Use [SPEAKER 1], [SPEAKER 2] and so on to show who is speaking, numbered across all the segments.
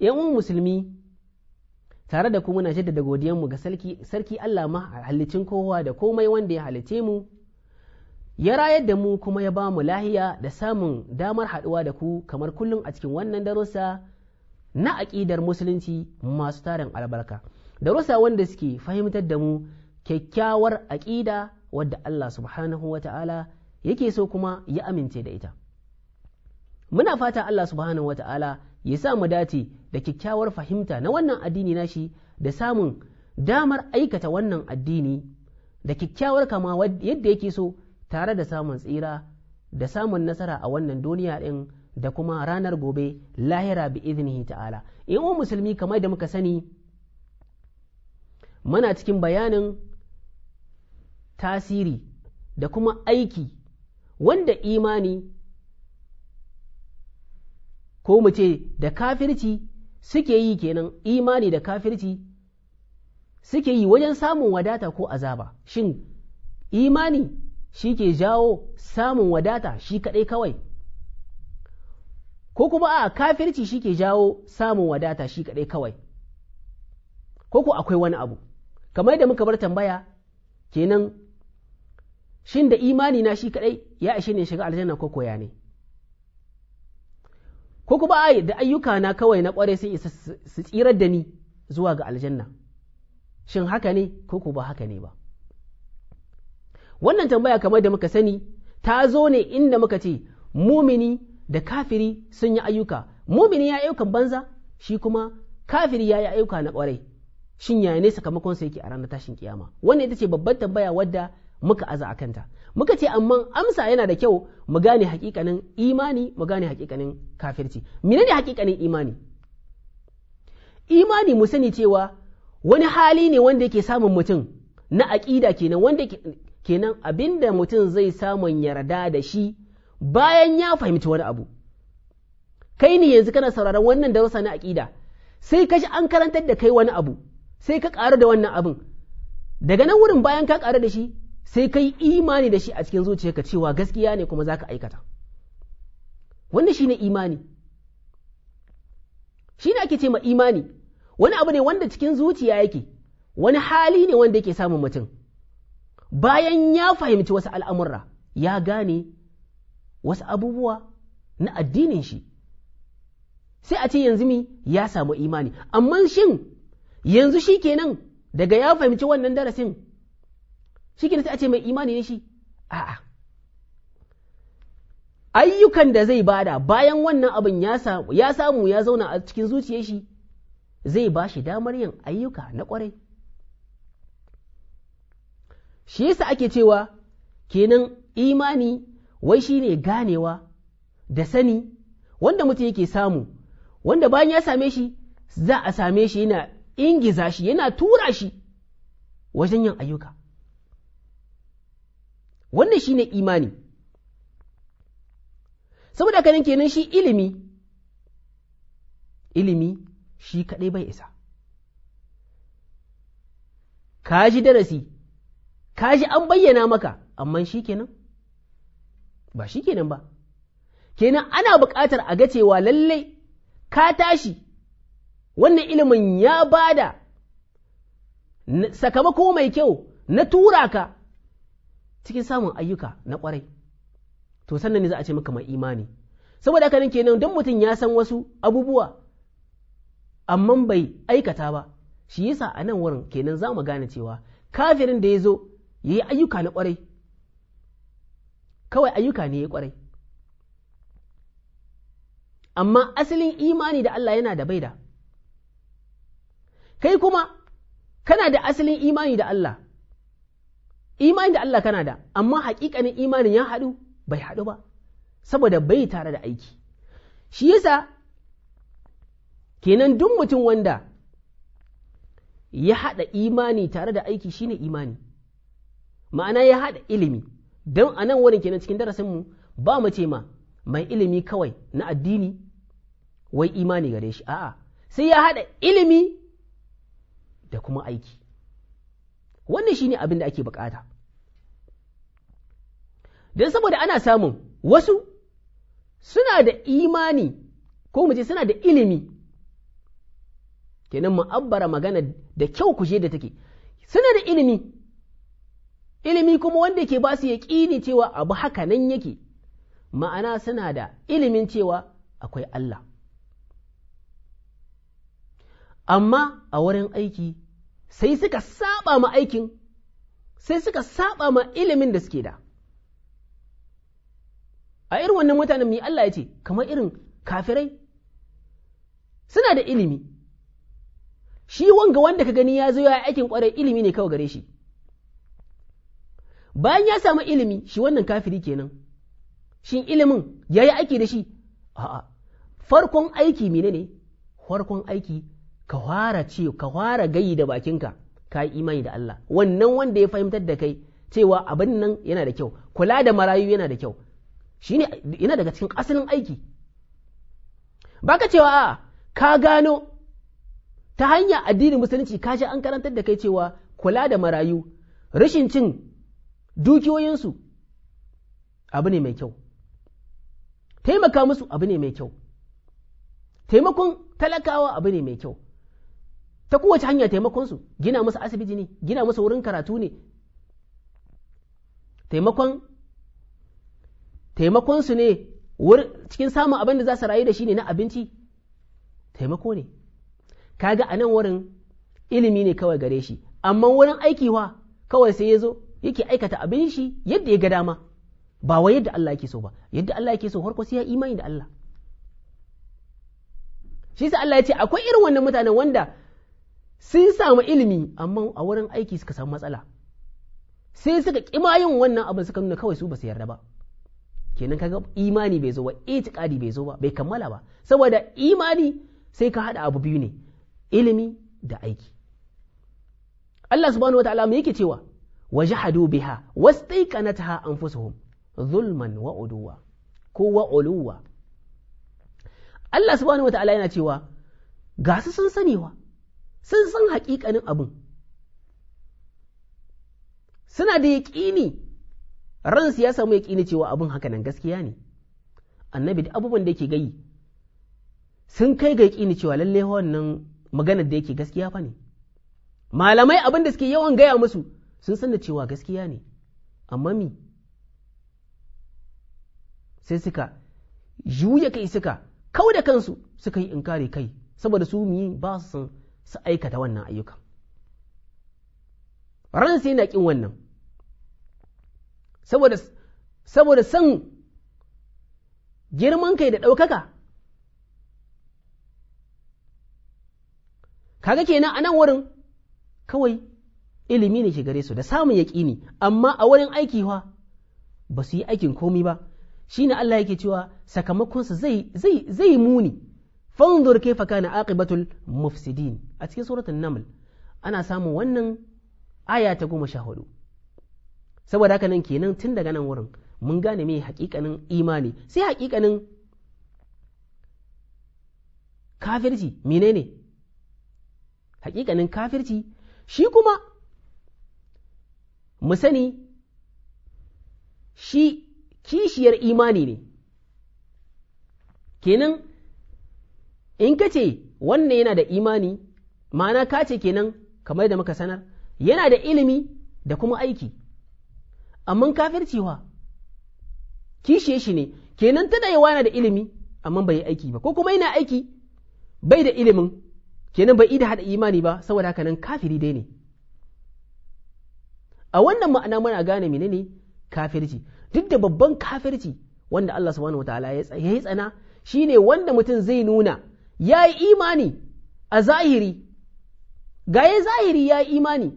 [SPEAKER 1] yan musulmi tare da ku muna jaddada mu ga sarki Allah ma halicin kowa da komai wanda ya halice mu ya rayar da mu kuma ya ba mu lahiya da samun damar haɗuwa da ku kamar kullum a cikin wannan darussa na aƙidar musulunci masu tarin albarka darussa wanda suke fahimtar da mu kyakkyawar aƙida wadda Allah subhanahu wa ta'ala yake so kuma ya amince da ita muna fata Allah subhanahu wa ta'ala ya sa mu dace da kyakkyawar fahimta na wannan addini nashi da samun damar aikata wannan addini da kyakkyawar kama yadda yake so tare da samun tsira da samun nasara a wannan duniya ɗin da kuma ranar gobe lahira bi iznihi ta'ala in musulmi kamar da muka sani muna cikin bayanin tasiri da kuma aiki wanda imani ko mu ce da kafirci suke yi kenan imani da kafirci suke yi wajen samun wadata ko azaba shin imani shi ke jawo samun wadata shi kaɗai kawai ko kuma a kafirci shi ke jawo samun wadata shi kaɗai kawai ko ku akwai wani abu kamar da muka bar tambaya kenan shin da imani na shi kaɗai ya ishe ne shiga aljanna ko koya ne ko kuma ai da ayyuka na kawai na kware sun isa su tsirar da ni zuwa ga aljanna shin haka ne ko ko ba haka ne ba wannan tambaya kamar da muka sani ta zo ne inda muka ce mumini da kafiri sun yi ayyuka mumini ya ayyukan banza shi kuma kafiri ya yi ayyuka na kware shin yaya ne sakamakon sa yake a ranar tashin kiyama wannan ita ce babbar tambaya wadda muka aza a kanta muka ce amma amsa yana da kyau mu gane hakikanin imani mu gane hakikanin kafirci menene hakikanin imani imani mu sani cewa wani hali ne wanda yake samun mutum na aƙida kenan wanda kenan abinda mutum zai samun yarda da shi bayan ya fahimci wani abu kai ne yanzu kana sauraron wannan darasa na aƙida sai ka an karantar da kai wani abu sai ka ƙaru da wannan abin daga nan wurin bayan ka ƙaru da shi sai kai imani da shi a cikin zuciyarka cewa gaskiya ne kuma za ka aikata wannan ne imani Shina ake ce ma imani wani abu ne wanda cikin zuciya yake wani hali ne wanda yake samun mutum bayan ya fahimci wasu al'amurra ya gane wasu abubuwa na addinin shi sai a ce yanzu mi ya samu imani amma shin yanzu shi kenan daga ya fahimci wannan darasin shi ke sai ce mai imani ne shi a'a ayyukan da zai bada bayan wannan abin ya samu ya samu ya zauna a cikin zuciyar shi zai ba shi damar yin ayyuka na kwarai shi yasa ake cewa kenan imani wai shine ganewa da sani wanda mutum yake samu wanda bayan ya same shi za a same shi yana ingiza shi yana tura shi wajen yin ayyuka wannan shine imani saboda kanin kenan shi ilimi ilimi shi kadai bai isa kaji darasi kaji an bayyana maka amma shi kenan ba shi kenan ba kenan ana buƙatar a ga cewa lallai ka tashi wannan ilimin ya bada sakamako mai kyau na tura ka cikin samun ayyuka na kwarai to sannan ne za a ce maka mai imani saboda haka nan kenan don mutum ya san wasu abubuwa amma bai aikata ba shi yasa a nan wurin kenan za mu gane cewa kafirin da ya zo ya yi ayyuka na kwarai kawai ayyuka ne ya kwarai amma asalin imani da Allah yana da bai da kai kuma kana da asalin imani da Allah imani da Allah kana da amma hakikanin imanin ya haɗu bai haɗu ba saboda bai tare da aiki shi yasa kenan duk mutum wanda ya haɗa imani tare da aiki shine imani ma'ana ya haɗa ilimi don a nan wurin kenan cikin darasinmu ba mu ce ma mai ilimi kawai na addini wai imani gare shi a'a sai ya haɗa ilimi da kuma aiki wannan shine abin da ake bukata don saboda ana samun wasu suna da imani ko mu ce suna da ilimi kenan mu abbara magana da kyau kuje da take suna da ilimi ilimi kuma wanda ke ba su yaƙini cewa abu haka nan yake ma'ana suna da ilimin cewa akwai Allah amma a wurin aiki sai suka saba ma aikin sai suka saba ma ilimin da suke da a irin wannan mutanen mai Allah ya ce kamar irin kafirai suna da ilimi shi wanga wanda ka gani ya zo ya aikin kwarai ilimi ne kawai gare shi bayan ya samu ilimi shi wannan kafiri kenan shin ilimin ya yi aiki da shi a'a farkon aiki menene farkon aiki ka fara ce ka fara gayi da bakinka ka yi imani da Allah wannan wanda ya fahimtar da kai cewa abin nan yana da kyau kula da marayu yana da kyau shine yana daga cikin asalin aiki baka cewa a ka gano ta hanya addinin musulunci ka an karantar da kai cewa kula da marayu rashin cin dukiyoyinsu abu ne mai kyau taimaka musu abu ne mai kyau taimakon talakawa abu ne mai kyau ta kowace hanya taimakon su gina musu asibiti ne gina musu wurin karatu ne taimakon taimakon su ne cikin samun abin da za su rayu da shi ne na abinci taimako ne kaga a nan wurin ilimi ne kawai gare shi amma wurin aikiwa kawai sai ya zo yake aikata abin shi yadda ya ga dama ba wa yadda Allah yake so ba yadda Allah yake so farko sai ya imani da Allah shi sa Allah ya ce akwai irin wannan mutanen wanda sun samu ilimi amma a wurin aiki suka samu matsala sai suka kima yin wannan abin suka nuna kawai su ba su yarda ba kenan kaga imani bai zo ba itikadi bai zo ba bai kammala ba saboda imani sai ka haɗa abu biyu ne ilimi da aiki Allah subhanahu wataala me yake cewa wajhadu biha wastaiqanatha anfusuhum zulman wa uduwa ko wa uluwa Allah subhanahu wataala yana cewa ga su sun saniwa. sun san haƙiƙanin abin suna da yaƙini ransu ya samu yaƙini cewa abin haka nan gaskiya ne annabi da abubuwan da yake gayi sun kai ga yaƙini cewa lallai wannan maganar da yake gaskiya fa ne malamai abin da suke yawan gaya musu sun san da cewa gaskiya ne amma mi sai suka juya kai suka kau da kansu suka yi in kare kai saboda su mi ba su san su aikata wannan ayyukan Faransa yana ƙin wannan saboda san girman kai da ɗaukaka kaga kenan a nan wurin kawai ilimi ne ke gare su da samun yaƙini amma a wurin aiki ba su yi aikin komi ba Shi ne Allah yake cewa sakamakonsa zai muni fanzur kaifa na aqibatul mufsidin a cikin suratul naml ana samun wannan aya ta goma sha hudu saboda haka nan kenan tun daga nan wurin mun gane me hakikanin imani sai hakikanin kafirci menene hakikanin kafirci shi kuma mu sani shi kishiyar imani ne kenan in ka ce wannan yana da imani ma'ana ka ce kenan kamar da muka sanar yana da ilimi da kuma aiki amma kafircewa kishe shi ne kenan ta da yana da ilimi amma bai yi aiki ba ko kuma yana aiki bai da ilimin kenan bai da hada imani ba saboda haka nan kafiri dai ne a wannan ma'ana muna gane menene kafirci duk da babban kafirci wanda Allah subhanahu wataala ya yi tsana shine wanda mutum zai nuna ya yi imani a zahiri gaye zahiri ya yi imani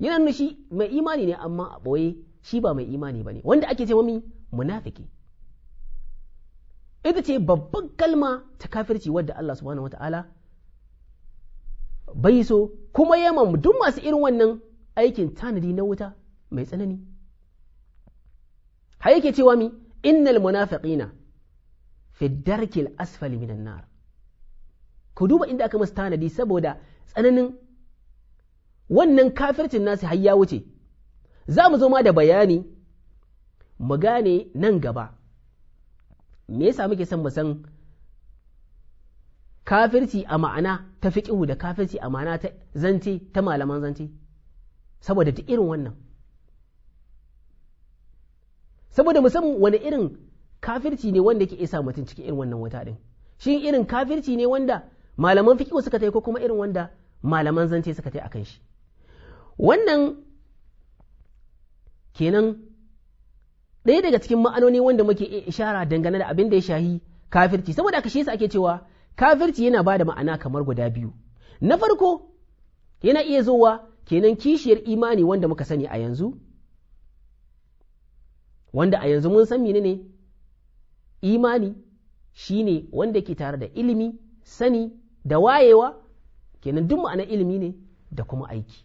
[SPEAKER 1] yana nuna shi mai imani ne amma a ɓoye shi ba mai imani ba ne wanda ake ce mami munafiki ita ce babban kalma ta kafirci wadda Allah subhanahu wata'ala bai so kuma yamma duk masu irin wannan aikin tanadi na wuta mai tsanani har yake cewa mi innal munafiqina fi darkil asfali minan nar ku duba inda aka masa tanadi saboda tsananin wannan kafircin nasu har ya wuce za mu zo ma da bayani mu gane nan gaba me yasa muke son mu san kafirci a ma'ana ta fiƙihu da kafirci a ma'ana ta zance ta malaman zance saboda ta irin wannan saboda musamman wani irin kafirci ne wanda ke isa mutum cikin irin wannan wuta din shin irin kafirci ne wanda malaman fikihu suka tai ko kuma irin wanda malaman zance suka tai kan shi wannan kenan ɗaya daga cikin ma'anoni wanda muke iya ishara dangane da abin da ya shahi kafirci saboda aka shi ake cewa kafirci yana ba da ma'ana kamar guda biyu na farko yana iya zowa kenan kishiyar imani wanda muka sani a yanzu wanda a yanzu mun san menene imani shine wanda ke tare da ilimi sani da wayewa kenan duk ma'ana ilimi ne da kuma aiki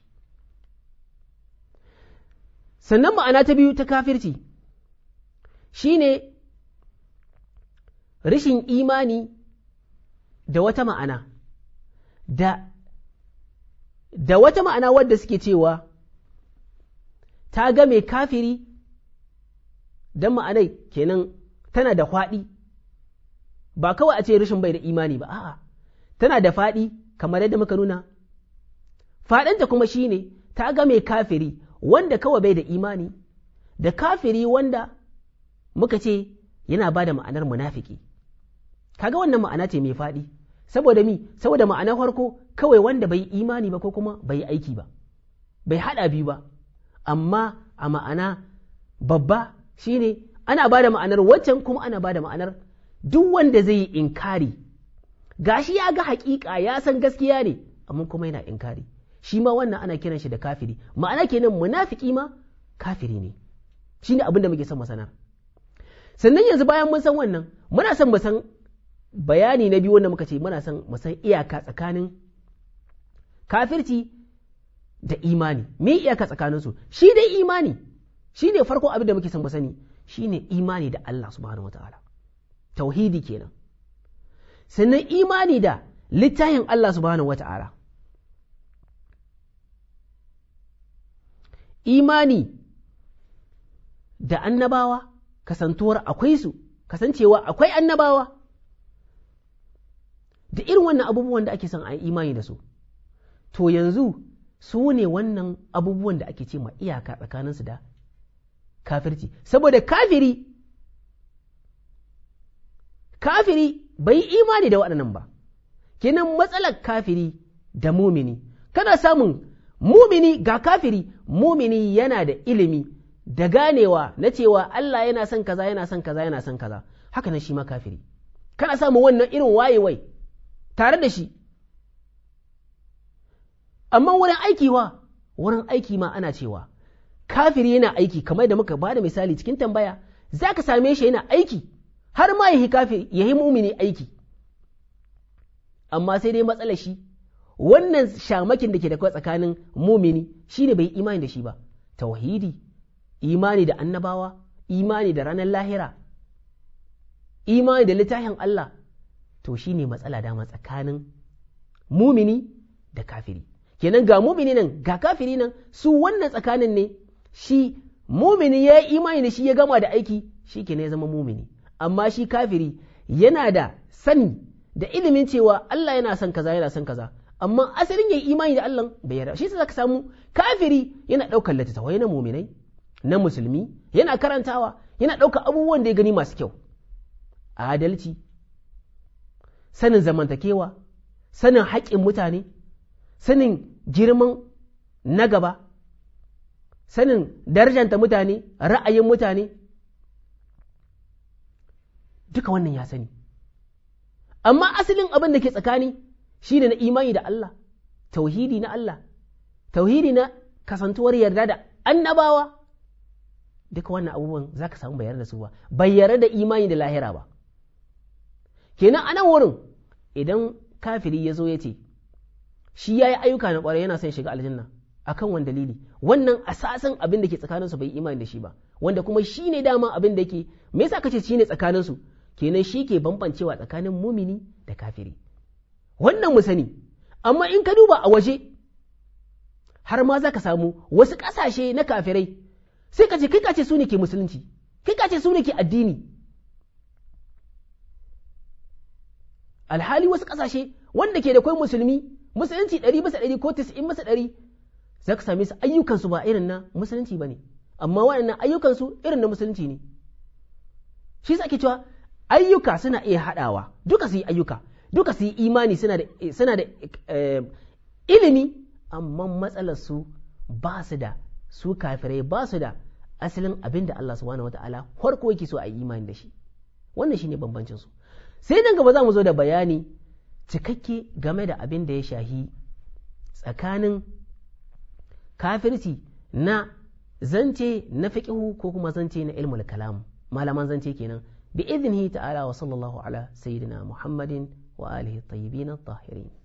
[SPEAKER 1] sannan ma'ana ta biyu ta kafirci shine rashin imani da wata ma'ana da da wata ma'ana wadda suke cewa ta ga mai kafiri don ma'anai kenan tana da kwaɗi ba kawai a ce rashin bai da imani ba a'a tana da faɗi kamar yadda muka nuna faɗinta kuma shine ta ga mai kafiri wanda kawai bai da imani da kafiri wanda muka ce yana ba da ma'anar munafiki kaga wannan ma'ana ce mai faɗi saboda mi saboda ma'ana farko kawai wanda bai imani ba ko kuma bai aiki ba bai haɗa biyu ba amma a ma'ana babba shine ana ba da ma'anar waccan kuma ana ba da ma'anar duk wanda zai yi inkari gashi ya ga hakika ya san gaskiya ne amma kuma yana inkari shi ma wannan ana kiran shi da kafiri ma'ana kenan munafiki ma kafiri ne shine abin da muke son mu sanar sannan yanzu bayan mun san wannan muna son mu san bayani na biyu wanda muka ce muna son mu san iyaka tsakanin kafirci da imani me iyaka tsakanin su shi dai imani shi ne farko abin da muke son mu sani ne imani da Allah subhanahu wataala tauhidi kenan sannan imani da littafin Allah subhanahu wata'ala imani da annabawa kasantuwar akwai su kasancewa akwai annabawa da irin wannan abubuwan da ake son a yi imani da su to yanzu su ne wannan abubuwan da ake ce ma iyaka tsakaninsu da kafirci saboda kafiri kafiri bai imani da waɗannan ba kenan matsalar kafiri da mumini kana samun mumini ga kafiri mumini yana da ilimi da ganewa na cewa Allah yana son kaza yana son kaza yana son kaza haka nan shi ma kafiri kana samun wannan irin wayewai tare da shi amma wurin aiki wa wurin aiki ma ana cewa kafiri yana aiki kamar da muka da misali cikin tambaya za ka same shi yana aiki har ma ya kafe ya yi mumini aiki amma sai dai matsalar shi wannan shamakin da ke da tsakanin mumini shi ne bai imani da shi ba tauhidi imani da annabawa imani da ranar lahira imani da littafin Allah to shi ne matsala dama tsakanin mumini da kafiri kenan ga mumini nan ga kafiri nan su wannan tsakanin ne shi mumini ya yi imani da shi ya gama da aiki shi kenan ya zama mumini amma shi kafiri yana da sani da ilimin cewa Allah yana son kaza yana son kaza amma asalin yayi imani da Allah bai yarda shi ka samu kafiri yana daukar littattafai na muminai na musulmi yana karantawa yana daukar abubuwan da ya gani masu kyau adalci sanin zamantakewa sanin haƙƙin mutane sanin girman na gaba sanin darajanta mutane ra'ayin mutane duka wannan ya sani amma asalin abin da ke tsakani shi na imani da Allah tauhidi na Allah tauhidi na kasantuwar yarda da annabawa duka wannan abubuwan za ka samu bayar da su ba bayyara da imani da lahira ba kenan a nan wurin idan kafiri ya zo ya ce shi ya yi ayyuka na ƙwarai yana son shiga aljanna a kan wani dalili wannan asasin abin da ke tsakaninsu bai imani da shi ba wanda kuma shi ne dama abin da ke me yasa ce shi ne tsakaninsu kenan shi ke bambancewa tsakanin mumini da kafiri wannan mu sani amma in ka duba a waje har ma za ka samu wasu ƙasashe na kafirai sai ka ce kai kace su ne ke musulunci kai kace su ne ke addini alhali wasu ƙasashe wanda ke da kwai musulmi musulunci ɗari bisa ɗari ko tis'in bisa ɗari za ka same su ayyukansu ba irin na musulunci ba ne amma waɗannan ayyukansu irin na musulunci ne shi sa ke cewa ayyuka suna iya haɗawa duka su yi ayyuka duka su yi imani suna da eh, ilimi amma matsalar su ba su da su kafirai ba su da asalin abin da Allah subhanahu wata'ala farko yake so a yi imani da shi wannan shine bambancin su sai nan gaba za mu zo da bayani cikakke game da abin da ya shahi tsakanin kafirci na zance na fiƙihu ko kuma zance na ilmul kalam malaman zance kenan بإذنه تعالى وصلى الله على سيدنا محمد وآله الطيبين الطاهرين